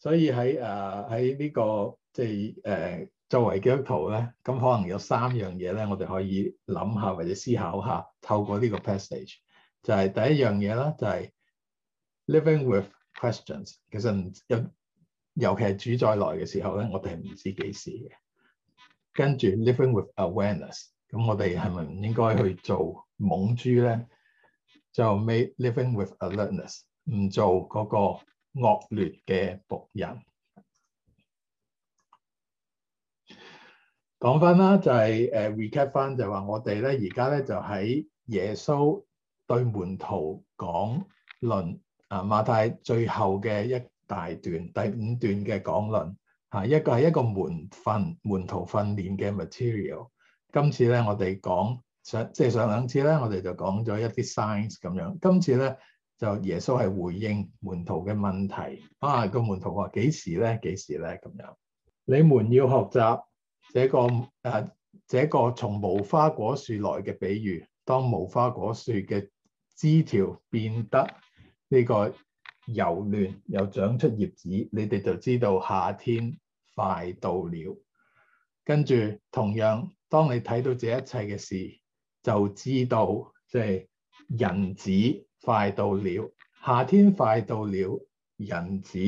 所以喺啊喺呢個即係誒作為基督徒咧，咁可能有三樣嘢咧，我哋可以諗下或者思考下，透過呢個 passage，就係第一樣嘢啦，就係、是、living with questions。其實尤尤其係主再來嘅時候咧，我哋係唔知幾時嘅。跟住 living with awareness，咁我哋係咪唔應該去做懵豬咧？就 make living with alertness 唔做嗰、那個。惡劣嘅僕人。講翻啦，在就係誒 recap 翻，就話我哋咧而家咧就喺耶穌對門徒講論啊，馬太最後嘅一大段第五段嘅講論嚇，一個係一個門訓門徒訓練嘅 material。今次咧，我哋講上，即係上兩次咧，我哋就講咗一啲 science 咁樣。今次咧。就耶穌係回應門徒嘅問題，啊個門徒話幾時咧？幾時咧？咁樣，你們要學習這個誒、啊，這個從無花果樹來嘅比喻，當無花果樹嘅枝條變得呢個柔嫩又長出葉子，你哋就知道夏天快到了。跟住同樣，當你睇到這一切嘅事，就知道即係人子快到了，夏天快到了，人子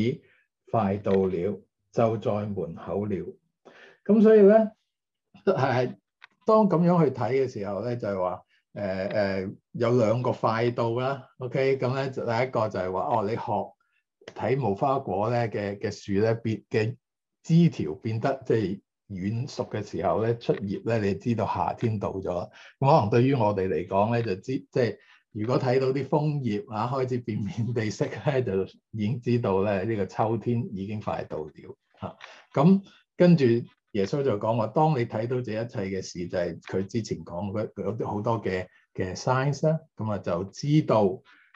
快到了，就在門口了。咁所以咧，係當咁樣去睇嘅時候咧，就係、是、話，誒、呃、誒、呃，有兩個快到啦。OK，咁咧，第一個就係話，哦，你學睇無花果咧嘅嘅樹咧變嘅枝條變得即係軟熟嘅時候咧，出葉咧，你知道夏天到咗。咁可能對於我哋嚟講咧，就知即係。就是如果睇到啲楓葉啊開始變面地色咧，就已經知道咧呢、這個秋天已經快到了。嚇、啊。咁、啊、跟住耶穌就講話，當你睇到這一切嘅事，就係、是、佢之前講佢有啲好多嘅嘅 sign 咧，咁啊就知道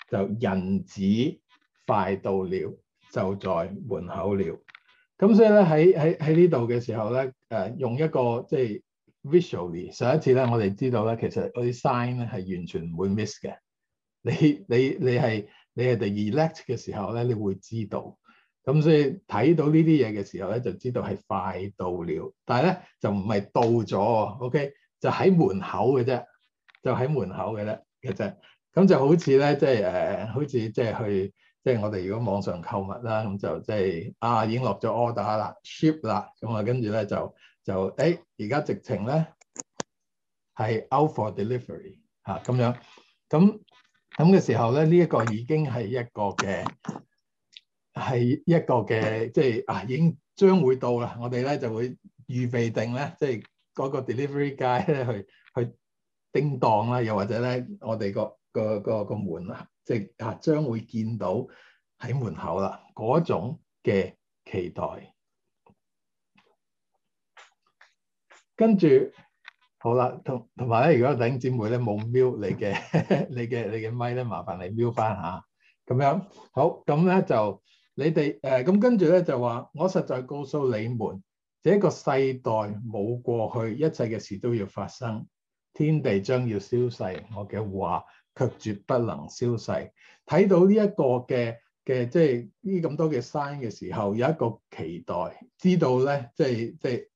就人子快到了，就在門口了。咁所以咧喺喺喺呢度嘅時候咧，誒、啊、用一個即係、就是、visually 上一次咧，我哋知道咧其實嗰啲 sign 咧係完全唔會 miss 嘅。你你你係你係啲 elect 嘅時候咧，你會知道。咁所以睇到呢啲嘢嘅時候咧，就知道係快到了。但係咧就唔係到咗，OK？就喺門口嘅啫，就喺門口嘅咧嘅啫。咁就好似咧，即係誒，好似即係去，即係我哋如果網上購物啦，咁就即係啊，已經落咗 order 啦，ship 啦，咁啊，跟住咧就就誒，而家直情咧係 out for delivery 嚇咁樣咁。咁嘅時候咧，呢一個已經係一個嘅係一個嘅，即係啊，已經將會到啦。我哋咧就會預備定咧，即係嗰個 delivery guy 咧去去叮當啦，又或者咧我哋個個個個門啊，即係啊將會見到喺門口啦嗰種嘅期待，跟住。好啦，同同埋咧，如果弟兄姐妹咧冇瞄你嘅 你嘅你嘅咪咧，麻煩你瞄翻下，咁樣好咁，咧就你哋誒咁跟住咧就話，我實在告訴你們，這一個世代冇過去，一切嘅事都要發生，天地將要消逝，我嘅話卻絕不能消逝。睇到呢一個嘅嘅即係呢咁多嘅 sign 嘅時候，有一個期待，知道咧即係即係。就是就是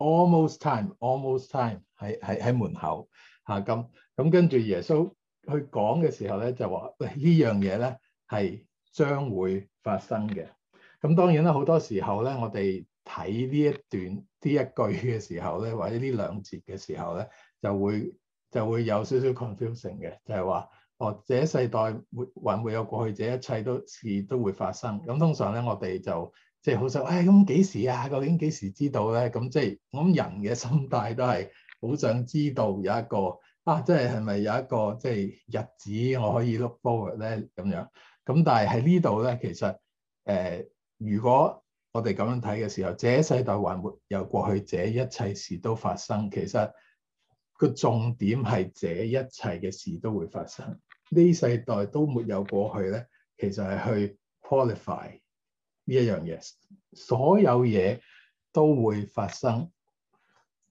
Almost time, almost time，喺喺喺門口嚇咁咁，跟住耶穌去講嘅時候咧，就話：喂，呢樣嘢咧係將會發生嘅。咁當然啦，好多時候咧，我哋睇呢一段、呢一句嘅時候咧，或者呢兩節嘅時候咧，就會就會有少少 confusion 嘅，就係話：哦，這世代沒還沒有過去，這一切都事都會發生。咁通常咧，我哋就。即係好想，唉、哎，咁幾時啊？究竟幾時知道咧？咁即係咁人嘅心態都係好想知道有一個啊，即係係咪有一個即係、就是、日子我可以 look forward 咧咁樣？咁但係喺呢度咧，其實誒、呃，如果我哋咁樣睇嘅時候，這世代還沒有過去，這一切事都發生，其實個重點係這一切嘅事都會發生。呢世代都沒有過去咧，其實係去 qualify。呢一樣嘢，所有嘢都會發生。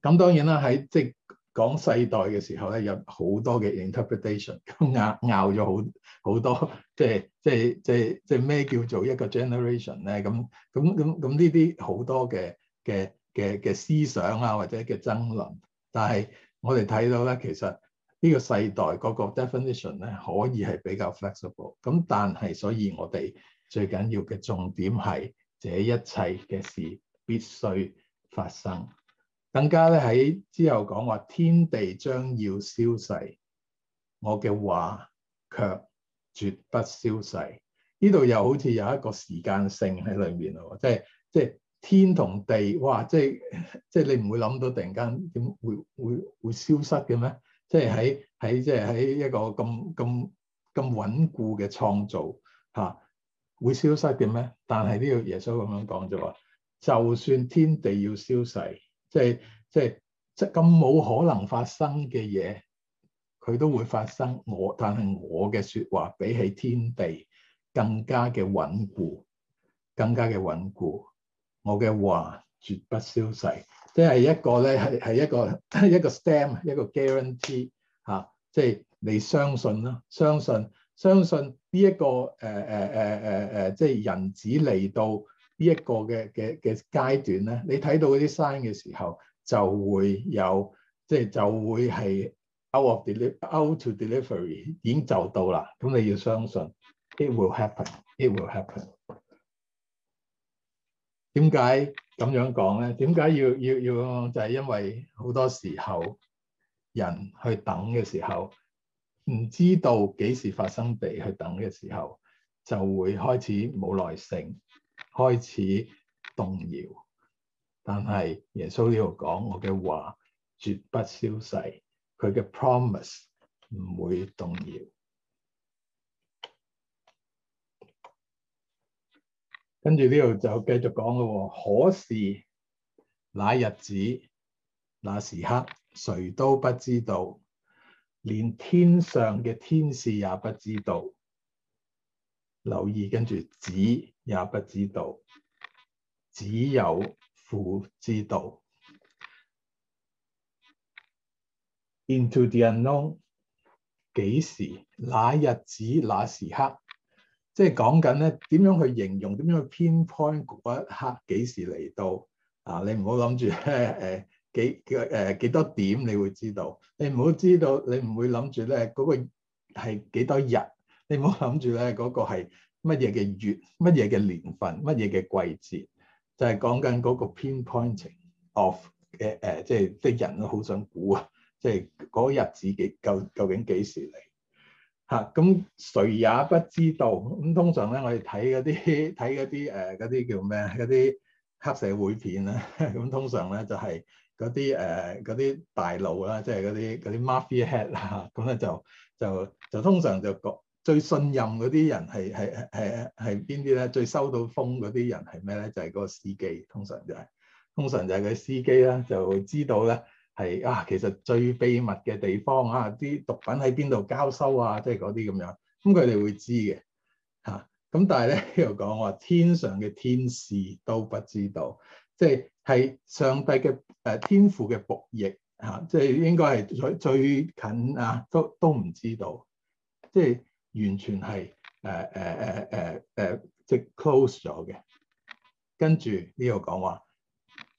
咁當然啦，喺即講世代嘅時候咧，有好多嘅 interpretation，壓拗咗好好多，即係即係即係即係咩叫做一個 generation 咧？咁咁咁咁呢啲好多嘅嘅嘅嘅思想啊，或者嘅爭論。但係我哋睇到咧，其實呢個世代個 definition 咧，可以係比較 flexible。咁但係所以我哋最緊要嘅重點係，這一切嘅事必須發生。更加咧喺之後講話，天地將要消逝，我嘅話卻絕不消逝。呢度又好似有一個時間性喺裏面咯，即係即係天同地，哇！即係即係你唔會諗到，突然間點會會會消失嘅咩？即係喺喺即係喺一個咁咁咁穩固嘅創造下。會消失嘅咩？但係呢個耶穌咁樣講就話。就算天地要消逝，即係即係即咁冇可能發生嘅嘢，佢都會發生。我但係我嘅説話比起天地更加嘅穩固，更加嘅穩固。我嘅話絕不消逝，即係一個咧係係一個一個，一個 stem 一個 guarantee 嚇、啊。即係你相信啦，相信相信。呢一，這個誒誒誒誒誒，uh, uh, uh, uh, 即係人只嚟到呢一個嘅嘅嘅階段咧，你睇到嗰啲 sign 嘅時候，就會有即係就會係 out of delivery，out to delivery 已經就到啦。咁你要相信，it will happen，it will happen。點解咁樣講咧？點解要要要？就係、是，因為好多時候人去等嘅時候。唔知道幾時發生地去等嘅時候，就會開始冇耐性，開始動搖。但係耶穌呢度講我嘅話，絕不消逝，佢嘅 promise 唔會動搖。跟住呢度就繼續講咯，哦。可是那日子、那時刻，誰都不知道。連天上嘅天使也不知道，留意跟住子也不知道，只有父知道。Into the unknown，幾時？哪日子？哪時刻？即係講緊咧，點樣去形容？點樣去 pinpoint 嗰一刻？幾時嚟到？啊，你唔好諗住咧，誒、哎。哎幾嘅誒、呃、幾多點？你會知道。你唔好知道你會，那個、你唔會諗住咧嗰個係幾多日。你唔好諗住咧嗰個係乜嘢嘅月、乜嘢嘅年份、乜嘢嘅季節就 of,、呃。就係講緊嗰個 pinpointing of 嘅誒，即係啲人都好想估啊，即係嗰日子幾究究竟幾時嚟？嚇咁誰也不知道。咁通常咧，我哋睇嗰啲睇嗰啲誒嗰啲叫咩？嗰啲黑社會片咧，咁通常咧就係、是。嗰啲誒嗰啲大腦啦，即係嗰啲嗰啲 Mafia head 啊， 咁咧就就就通常就覺最信任嗰啲人係係係係邊啲咧？最收到風嗰啲人係咩咧？就係嗰個司機，通常就係通常就係個司機啦，就會知道咧係啊，其實最秘密嘅地方啊，啲毒品喺邊度交收啊，即係嗰啲咁樣，咁佢哋會知嘅嚇。咁但係咧又講話，天上嘅天使都不知道，即係。係上帝嘅誒、呃、天父嘅僕役嚇，即係應該係最最近啊，都都唔知道，即係完全係誒誒誒誒誒即 close 咗嘅。跟住呢度講話，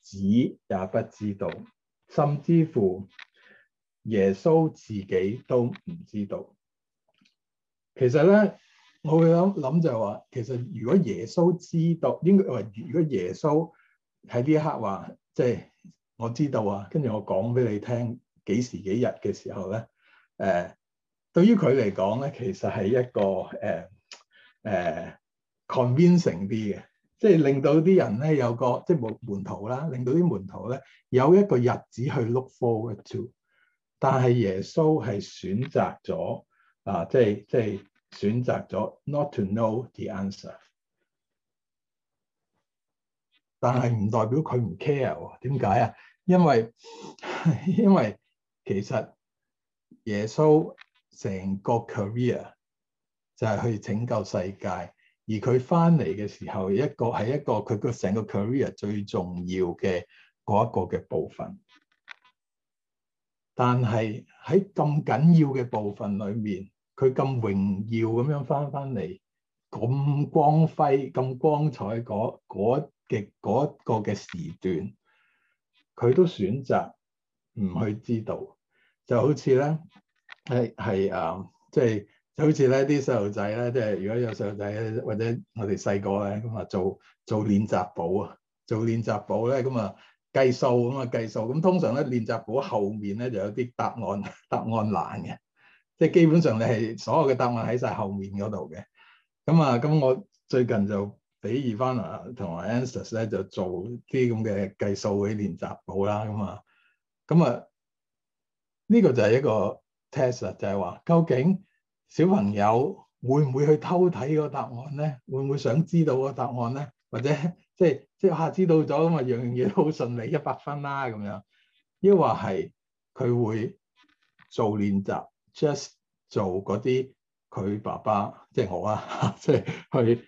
子也不知道，甚至乎耶穌自己都唔知道。其實咧，我會諗諗就係話，其實如果耶穌知道，應該話如果耶穌。喺呢一刻話，即係我知道啊，跟住我講俾你聽幾時幾日嘅時候咧，誒對於佢嚟講咧，其實係一個誒誒 convincing 啲嘅，即係令到啲人咧有個即係門門徒啦，令到啲門徒咧有一個日子去 look forward to，但係耶穌係選擇咗啊，即係即係選擇咗 not to know the answer。但係唔代表佢唔 care 喎？點解啊？因為因為其實耶穌成個 career 就係去拯救世界，而佢翻嚟嘅時候，一個係一個佢個成個 career 最重要嘅嗰一個嘅部分。但係喺咁緊要嘅部分裏面，佢咁榮耀咁樣翻翻嚟，咁光輝咁光彩嗰嗰嘅嗰個嘅時段，佢都選擇唔去知道，嗯、就好似咧係係啊，即係就好似咧啲細路仔咧，即係如果有細路仔或者我哋細個咧咁啊，做做練習簿啊，做練習簿咧咁啊計數咁啊計數，咁通常咧練習簿後面咧就有啲答案，答案欄嘅，即係基本上你係所有嘅答案喺晒後面嗰度嘅，咁啊咁我最近就。比伊凡啊，同埋 Ansis w 咧就做啲咁嘅計數嘅練習簿啦，咁啊，咁啊，呢個就係一個 test 就係話究竟小朋友會唔會去偷睇個答案咧？會唔會想知道個答案咧？或者即係即係啊，知道咗咁啊樣樣嘢都好順利，一百分啦、啊、咁樣，抑或係佢會做練習，just 做嗰啲佢爸爸即係、就是、我啊，即係去。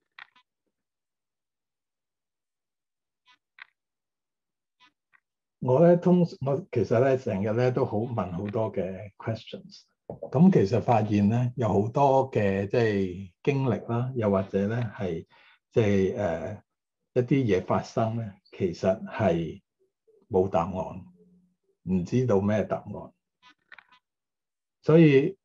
我咧通常我其實咧成日咧都好問好多嘅 questions，咁、嗯、其實發現咧有好多嘅即係經歷啦，又或者咧係即係誒一啲嘢發生咧，其實係冇答案，唔知道咩答案。所以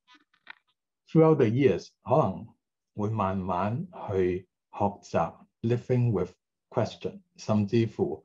throughout the years 可能會慢慢去學習 living with questions，甚至乎。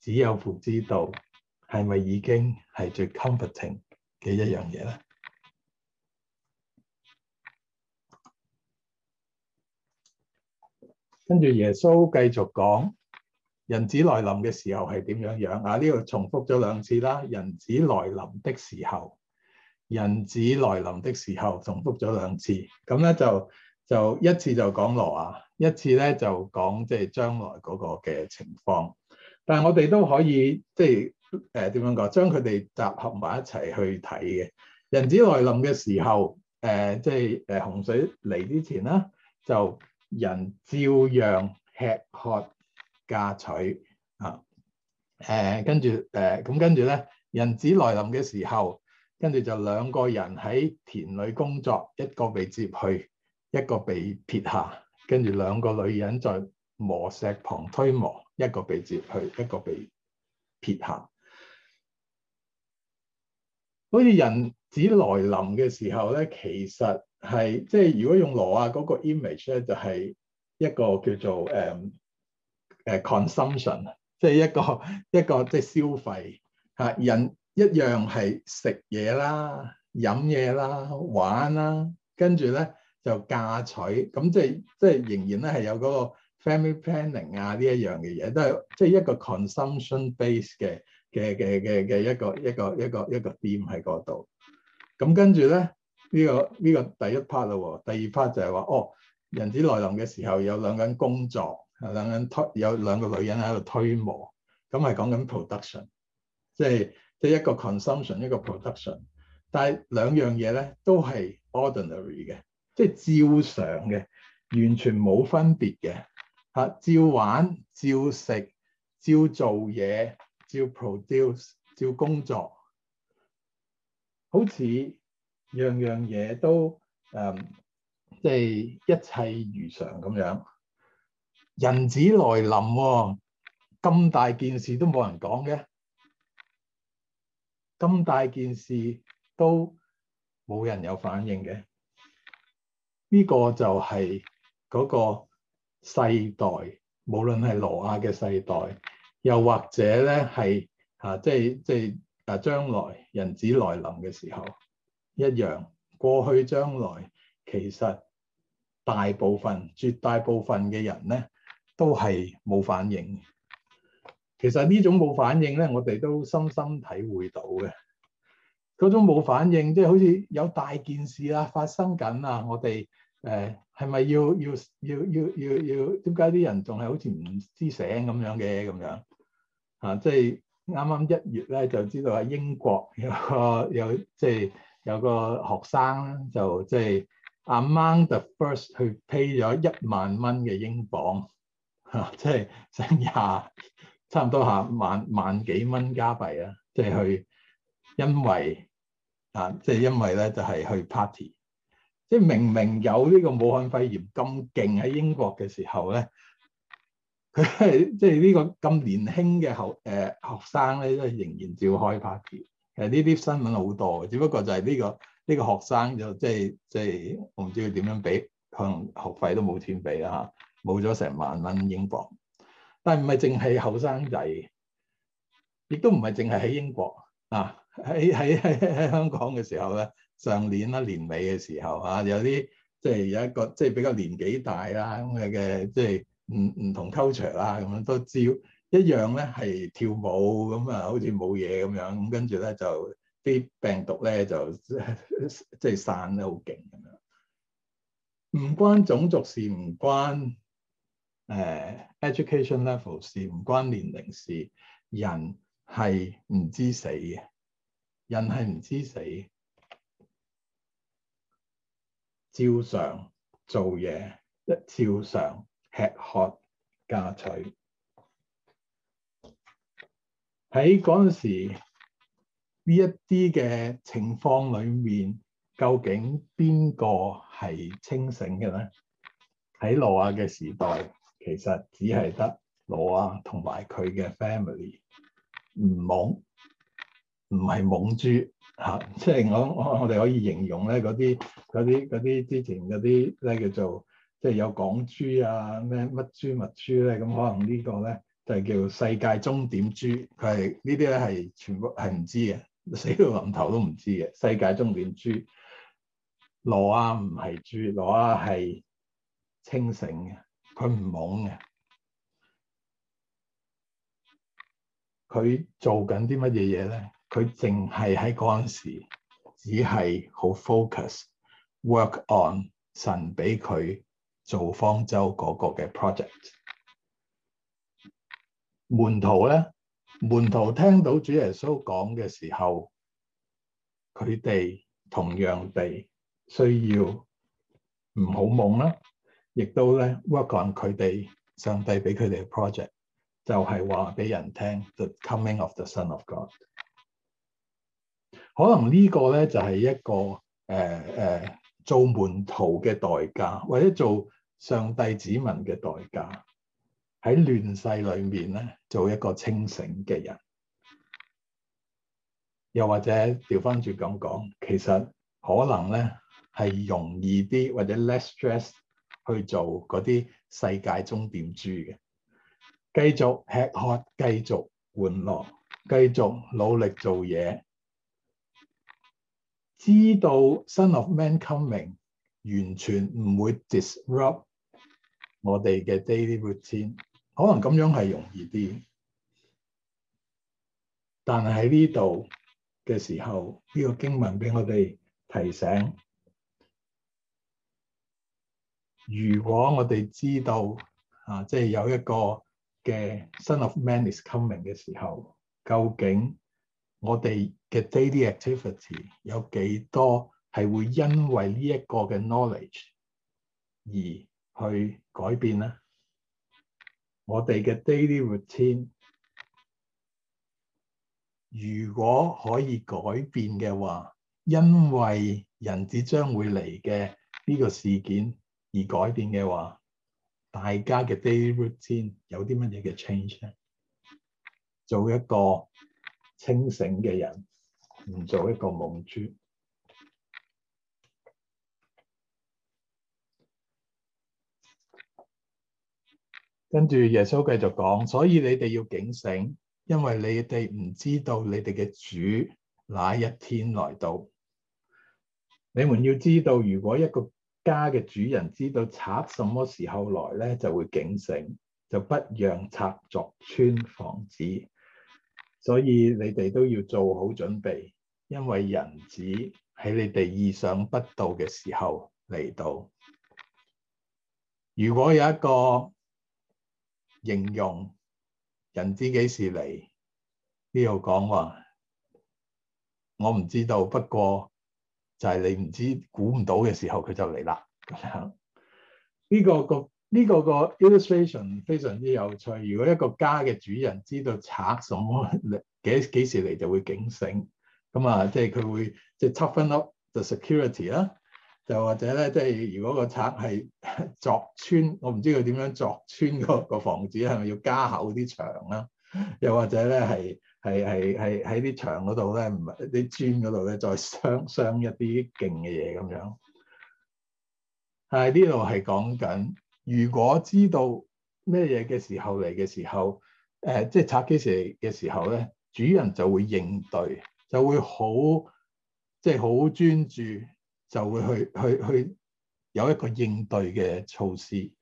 只有父知道，係咪已經係最 comforting 嘅一樣嘢咧？跟住耶穌繼續講，人子來臨嘅時候係點樣樣啊？呢度重複咗兩次啦。人子來臨的時候，人子來臨的時候重複咗兩次。咁咧就就一次就講挪亞，一次咧就講即係將來嗰個嘅情況。但係我哋都可以即係誒點樣講，將佢哋集合埋一齊去睇嘅。人子來臨嘅時候，誒即係誒洪水嚟之前啦，就人照樣吃喝嫁娶啊。誒、呃、跟住誒咁跟住咧，人子來臨嘅時候，跟住就兩個人喺田裏工作，一個被接去，一個被撇下。跟住兩個女人在磨石旁推磨。一個被接去，去一個被撇下。好似人子來臨嘅時候咧，其實係即係如果用羅亞嗰個 image 咧，就係、是、一個叫做誒誒、um, uh, consumption，即係一個一個即係消費嚇。人一樣係食嘢啦、飲嘢啦、玩啦，跟住咧就嫁娶。咁即係即係仍然咧係有嗰、那個。family planning 啊，呢一樣嘅嘢都係即係一個 consumption base 嘅嘅嘅嘅嘅一個一個一個一個店喺嗰度。咁跟住咧呢個呢個第一 part 啦、哦，第二 part 就係話哦，人子來臨嘅時候有兩個人工作，有兩個人推，有兩個女人喺度推磨，咁係講緊 production，即係即係一個 consumption，一個 production，但係兩樣嘢咧都係 ordinary 嘅，即係照常嘅，完全冇分別嘅。啊！照玩，照食，照做嘢，照 produce，照工作，好似樣樣嘢都誒，即、嗯、係、就是、一切如常咁樣。人子來臨喎、哦，咁大件事都冇人講嘅，咁大件事都冇人有反應嘅，呢、這個就係嗰、那個。世代，無論係羅亞嘅世代，又或者咧係嚇，即係即係啊，即係、將來人子來臨嘅時候一樣。過去、將來，其實大部分、絕大部分嘅人咧，都係冇反應。其實呢種冇反應咧，我哋都深深體會到嘅。嗰種冇反應，即係好似有大件事啊發生緊啊！我哋誒。呃係咪要要要要要要，點解啲人仲係好似唔知醒咁樣嘅咁樣？啊，即係啱啱一月咧，就知道啊，英國有個有即係有個學生咧，就即係 among the first 去 pay 咗一萬蚊嘅英鎊，嚇，即係成廿差唔多嚇萬萬幾蚊加幣啊，即係去因為啊，即係因為咧就係去 party。即係明明有呢個武漢肺炎咁勁喺英國嘅時候咧，佢係即係呢個咁年輕嘅後誒學生咧，都仍然照開 party。其實呢啲新聞好多嘅，只不過就係呢個呢個學生就即係即係我唔知佢點樣俾，可能學費都冇錢俾啦嚇，冇咗成萬蚊英鎊。但係唔係淨係後生仔，亦都唔係淨係喺英國啊！喺喺喺喺香港嘅時候咧。上年啦，年尾嘅時候啊，有啲即係有一個即係、就是、比較年紀大啦咁嘅，即係唔唔同 culture 啦，咁樣都照一樣咧，係跳舞咁啊，好似冇嘢咁樣。咁跟住咧就啲病毒咧就即係、就是、散得好勁咁樣。唔關種族事，唔關誒 education level 事，唔關年齡事。人係唔知死嘅，人係唔知死。照常做嘢，一照常吃喝嫁娶。喺嗰陣時呢一啲嘅情況裏面，究竟邊個係清醒嘅咧？喺挪亞嘅時代，其實只係得挪亞同埋佢嘅 family 唔懵，唔係懵豬。嚇、啊！即係我我哋可以形容咧，嗰啲嗰啲嗰啲之前嗰啲咧叫做，即係有港豬啊，咩乜豬乜豬咧？咁可能個呢個咧就係叫世界終點豬。佢係呢啲咧係全部係唔知嘅，死到臨頭都唔知嘅世界終點豬。羅亞唔係豬，羅亞係清醒嘅，佢唔懵嘅。佢做緊啲乜嘢嘢咧？佢淨係喺嗰陣時，只係好 focus work on 神俾佢做方舟嗰個嘅 project。門徒咧，門徒聽到主耶穌講嘅時候，佢哋同樣地需要唔好懵啦，亦都咧 work on 佢哋上帝俾佢哋嘅 project，就係話俾人聽 the coming of the Son of God。可能呢個咧就係一個誒誒、呃呃、做門徒嘅代價，或者做上帝子民嘅代價。喺亂世裏面咧，做一個清醒嘅人。又或者調翻轉咁講，其實可能咧係容易啲，或者 less stress 去做嗰啲世界終點豬嘅，繼續吃喝，繼續玩樂，繼續努力做嘢。知道 son of man coming 完全唔會 disrupt 我哋嘅 daily routine，可能咁樣係容易啲。但係喺呢度嘅時候，呢、這個經文俾我哋提醒，如果我哋知道啊，即、就、係、是、有一個嘅 son of man is coming 嘅時候，究竟，我哋嘅 daily activity 有幾多係會因為呢一個嘅 knowledge 而去改變咧？我哋嘅 daily routine 如果可以改變嘅話，因為人子將會嚟嘅呢個事件而改變嘅話，大家嘅 daily routine 有啲乜嘢嘅 change 咧？做一個。清醒嘅人唔做一個夢豬。跟住耶穌繼續講，所以你哋要警醒，因為你哋唔知道你哋嘅主哪一天來到。你們要知道，如果一個家嘅主人知道賊什麼時候來咧，就會警醒，就不讓賊鑿穿房子。所以你哋都要做好準備，因為人子喺你哋意想不到嘅時候嚟到。如果有一個形容人子幾時嚟，呢度講話，我唔知道。不過就係你唔知，估唔到嘅時候，佢就嚟啦。咁樣呢個。呢個個 illustration 非常之有趣。如果一個家嘅主人知道賊什麼嚟幾幾時嚟，就會警醒。咁啊，即係佢會即係七分 up the security 啦。就或者咧，即係如果個賊係鑿穿，我唔知佢點樣鑿穿嗰個房子，係咪要加厚啲牆啦？又或者咧，係係係係喺啲牆嗰度咧，唔係啲磚嗰度咧，那裡那裡再鑲鑲一啲勁嘅嘢咁樣。係呢度係講緊。如果知道咩嘢嘅時候嚟嘅時候，誒、呃、即係拆機時嘅時候咧，主人就會應對，就會好即係好專注，就會去去去有一個應對嘅措施。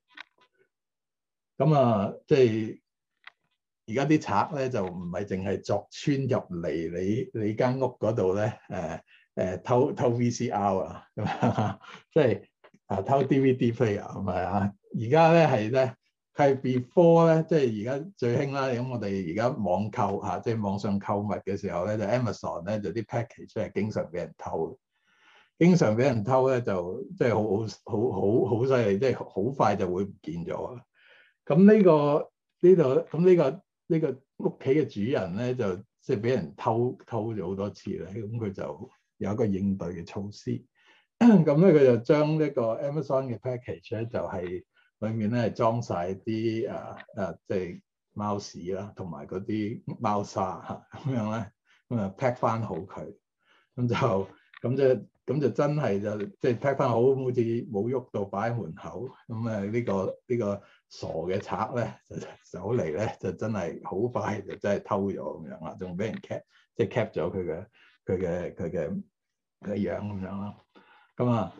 咁、呃、啊，即係而家啲賊咧就唔係淨係鑿穿入嚟你你間屋嗰度咧，誒、呃、誒偷偷 V C R 啊， 即係啊偷 D V D player 係咪啊？而家咧係咧，係 before 咧，即係而家最興啦。咁我哋而家網購嚇，即係網上購物嘅時候咧，就 Amazon 咧就啲 package 係經常俾人偷，經常俾人偷咧就即係好好好好好犀利，即係好快就會唔見咗。咁呢個呢度咁呢個呢個屋企嘅主人咧就即係俾人偷偷咗好多次咧，咁佢就有一個應對嘅措施。咁咧佢就將呢個 Amazon 嘅 package 咧就係。裏面咧係裝晒啲誒誒，即係貓屎啦，同埋嗰啲貓砂嚇，咁樣咧咁啊 pack 翻好佢，咁就咁就咁就真係就即係 pack 翻好，好似冇喐到擺喺門口，咁啊呢個呢個傻嘅賊咧就走嚟咧，就真係好快就真係偷咗咁樣啦，仲俾人 cap，即係 cap 咗佢嘅佢嘅佢嘅嘅樣咁樣啦。咁啊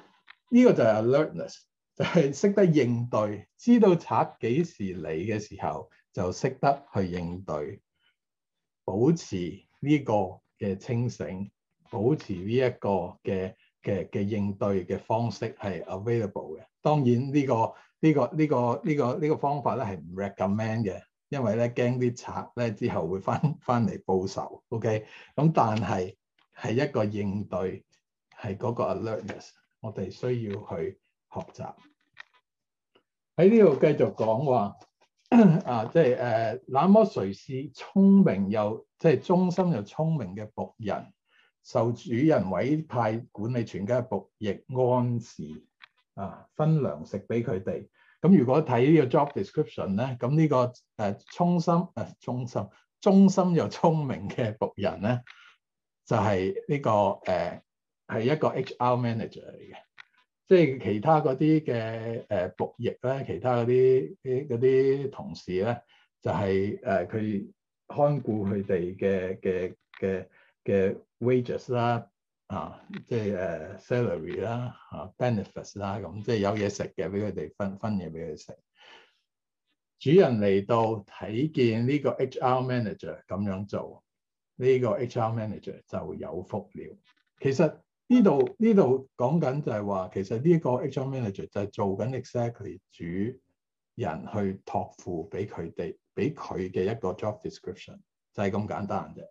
呢個就係 alertness。就係識得應對，知道賊幾時嚟嘅時候，就識得去應對，保持呢個嘅清醒，保持呢一個嘅嘅嘅應對嘅方式係 available 嘅。當然呢個呢個呢個呢個呢個方法咧係唔 recommend 嘅，因為咧驚啲賊咧之後會翻翻嚟報仇。OK，咁但係係一個應對，係嗰個 alertness，我哋需要去，學習，喺呢度繼續講話 啊，即係誒，那麼誰是聰明又即係忠心又聰明嘅僕人？受主人委派管理全家嘅僕役，安置啊，分糧食俾佢哋。咁如果睇呢個 job description 咧，咁呢個誒忠心啊，忠心忠心又聰明嘅僕人咧，就係呢個誒係一個 HR manager 嚟嘅。即係其他嗰啲嘅誒僕役咧，其他嗰啲啲同事咧，就係誒佢看顧佢哋嘅嘅嘅嘅 wages 啦，啊，即係誒、uh, salary 啦、啊，啊 benefits 啦、啊，咁即係有嘢食嘅，俾佢哋分分嘢俾佢食。主人嚟到睇見呢個 H R manager 咁樣做，呢、呢個 H R manager 就有福了。其實。呢度呢度講緊就係話，其實呢一個 agent manager 就係做緊 exactly 主人去託付俾佢哋，俾佢嘅一個 job description 就係咁簡單啫，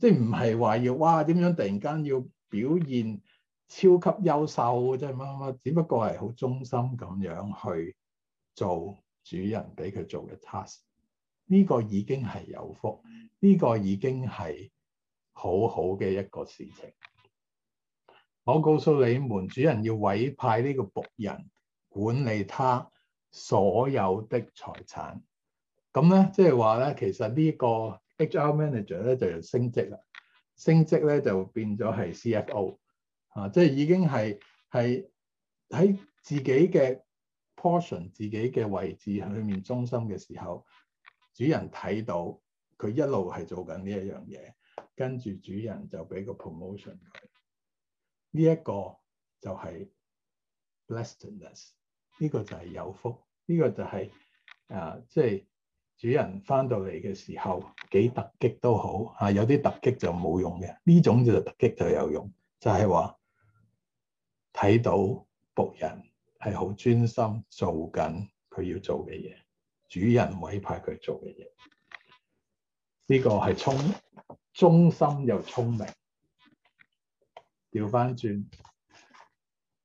即係唔係話要哇點樣突然間要表現超級優秀，即係乜乜乜，只不過係好忠心咁樣去做主人俾佢做嘅 task，呢個已經係有福，呢個已經係好好嘅一個事情。我告訴你們，主人要委派呢個僕人管理他所有的財產。咁咧，即係話咧，其實個呢個 HR manager 咧就要升職啦，升職咧就變咗係 CFO 啊，即、就、係、是、已經係係喺自己嘅 portion、自己嘅位置裏面中心嘅時候，的主人睇到佢一路係做緊呢一樣嘢，跟住主人就俾個 promotion 佢。呢一個就係 blessedness，呢個就係有福，呢、這個就係、是、啊，即、就、係、是、主人翻到嚟嘅時候幾突擊都好嚇、啊，有啲突擊就冇用嘅，呢種就突擊就有用，就係話睇到僕人係好專心做緊佢要做嘅嘢，主人委派佢做嘅嘢，呢、這個係忠忠心又聰明。調翻轉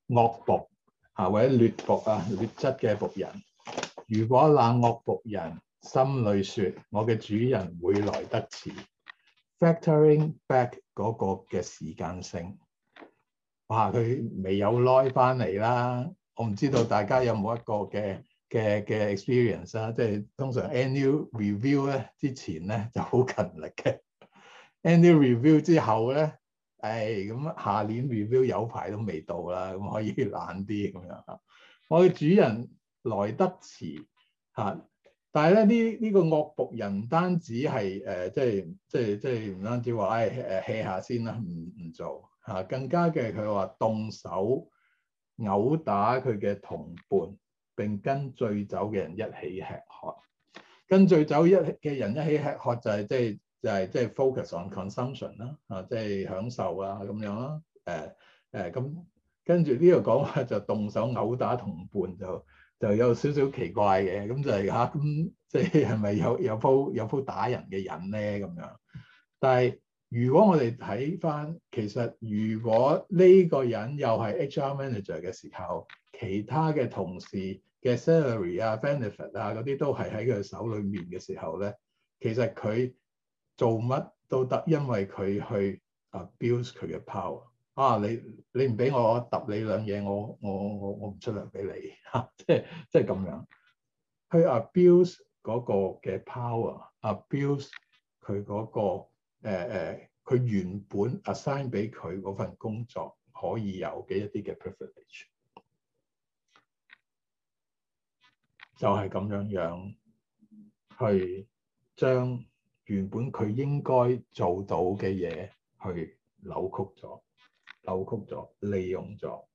惡僕啊，或者劣僕啊，劣質嘅僕人。如果冷惡僕人心裏説：我嘅主人會來得遲。Factoring back 嗰個嘅時間性，哇！佢未有耐翻嚟啦。我唔知道大家有冇一個嘅嘅嘅 experience 啊，即係通常 annual review 咧之前咧就好勤力嘅，annual review 之後咧。誒咁，哎、下年 review 有排都未到啦，咁可以懶啲咁樣。我嘅主人來得遲嚇、啊，但係咧呢呢、呢個呢個惡僕人唔單止係誒、呃，即係即係即係唔單止話唉 hea 下先啦，唔唔做嚇、啊，更加嘅佢話動手毆打佢嘅同伴，並跟醉酒嘅人一起吃喝。跟醉酒一嘅人一起吃喝就係、是、即係。就係即係 focus on consumption 啦、啊啊，啊，即係享受啊咁樣啦，誒誒咁，跟住呢個講法就動手毆打同伴就就有少少奇怪嘅，咁就係、是、嚇，咁即係係咪有有鋪有鋪打人嘅人咧咁樣？但係如果我哋睇返，其實如果呢個人又係 HR manager 嘅時候，其他嘅同事嘅 salary 啊、benefit 啊嗰啲都係喺佢手裡面嘅時候咧，其實佢。做乜都得，因為佢去 abuse 佢嘅 power 啊！你你唔俾我揼你兩嘢，我我我我唔出糧俾你嚇，即係即係咁樣去 abuse 嗰個嘅 power，abuse 佢嗰個誒誒，佢原本 assign 俾佢嗰份工作可以有嘅一啲嘅 privilege，就係咁樣樣去將。原本佢應該做到嘅嘢，去扭曲咗、扭曲咗、利用咗。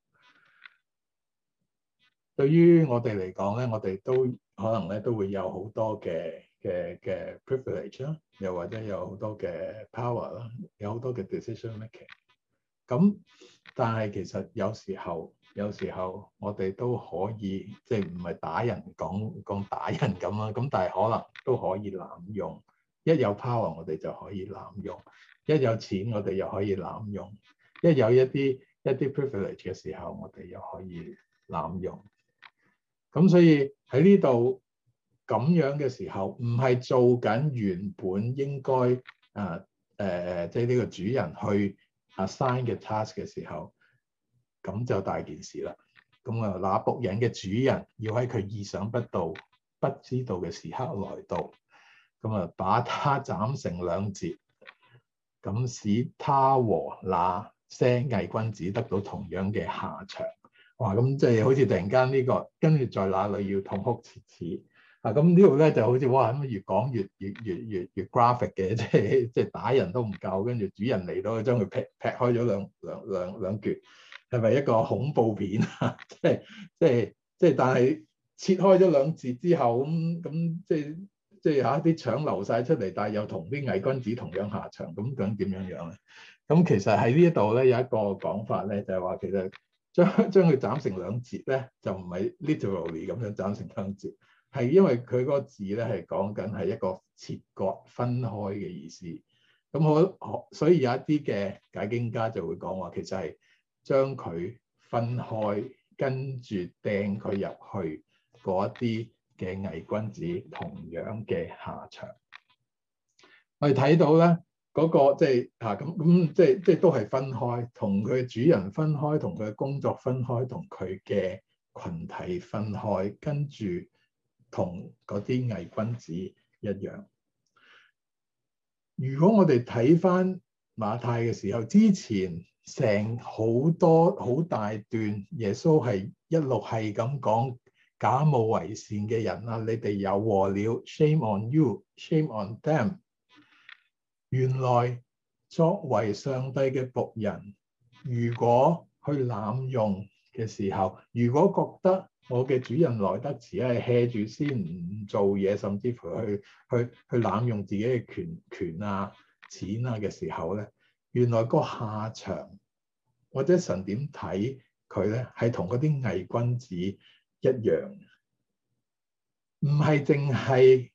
對於我哋嚟講咧，我哋都可能咧都會有好多嘅嘅嘅 privilege 啦，又或者有好多嘅 power 啦，有好多嘅 decision making。咁但係其實有時候有時候我哋都可以即係唔係打人講講打人咁啦，咁但係可能都可以濫用。一有 power，ment，我哋就可以濫用；一有錢，我哋又可以濫用；一有一啲一啲 privilege 嘅時候，我哋又可以濫用。咁所以喺呢度咁樣嘅時候，唔係做緊原本應該啊誒即係呢個主人去 assign 嘅 task 嘅時候，咁就大件事啦。咁啊，那僕人嘅主人要喺佢意想不到、不知道嘅時刻來到。咁啊，把他斬成兩截，咁使他和那些偽君子得到同樣嘅下場。哇！咁即係好似突然間呢個，跟住在那裏要痛哭切齒啊？咁呢度咧就好似哇，咁越講越越越越越 graphic 嘅，即係即係打人都唔夠，跟住主人嚟到將佢劈劈開咗兩兩兩兩橛，係咪一個恐怖片啊？即係即係即係，但係切開咗兩截之後，咁咁即係。就是即係有一啲腸流晒出嚟，但係又同啲偽君子同樣下場，咁講點樣樣咧？咁其實喺呢一度咧有一個講法咧，就係話其實將將佢斬成兩截咧，就唔係 literally 咁樣斬成兩截，係因為佢嗰個字咧係講緊係一個切割、分開嘅意思。咁好所以有一啲嘅解經家就會講話，其實係將佢分開，跟住掟佢入去嗰啲嘅偽君子同樣嘅下場，我哋睇到咧嗰個即係嚇咁咁即係即係都係分開，同佢嘅主人分開，同佢嘅工作分開，同佢嘅群體分開，跟住同嗰啲偽君子一樣。如果我哋睇翻馬太嘅時候，之前成好多好大段耶穌係一路係咁講。假冒為善嘅人啊，你哋有禍了！Shame on you, shame on them。原來作為上帝嘅僕人，如果去濫用嘅時候，如果覺得我嘅主人來得只係 hea 住先，唔做嘢，甚至乎去去去濫用自己嘅權權啊、錢啊嘅時候咧，原來個下場或者神點睇佢咧，係同嗰啲偽君子。一樣，唔係淨係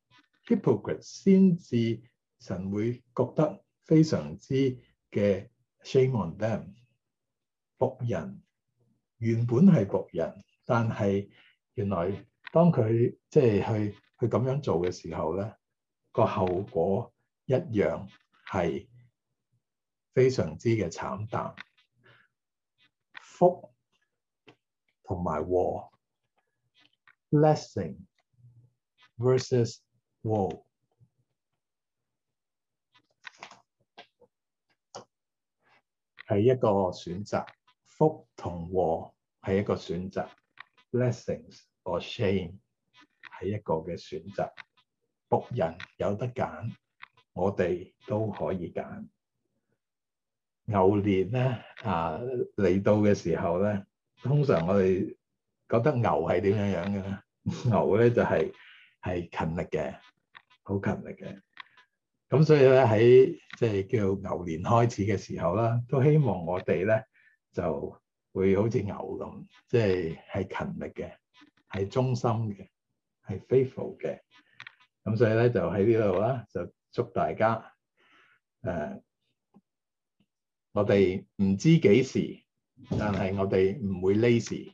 hypocrite 先至神會覺得非常之嘅 shame on them，僕人，原本係僕人，但係原來當佢即係去去咁樣做嘅時候咧，個後果一樣係非常之嘅慘淡，福同埋禍。Blessing versus woe 係一個選擇，福同禍係一個選擇，Blessings or shame 係一個嘅選擇。僕人有得揀，我哋都可以揀。牛年咧啊嚟到嘅時候咧，通常我哋覺得牛係點樣樣嘅咧？牛咧就係、係、係勤力嘅，好勤力嘅。咁所以咧喺即係叫牛年開始嘅時候啦，都希望我哋咧就會好似牛咁，即係係勤力嘅，係忠心嘅，係 faithful 嘅。咁所以咧就喺呢度啦，就祝大家誒、呃，我哋唔知幾時，但係我哋唔會 lazy。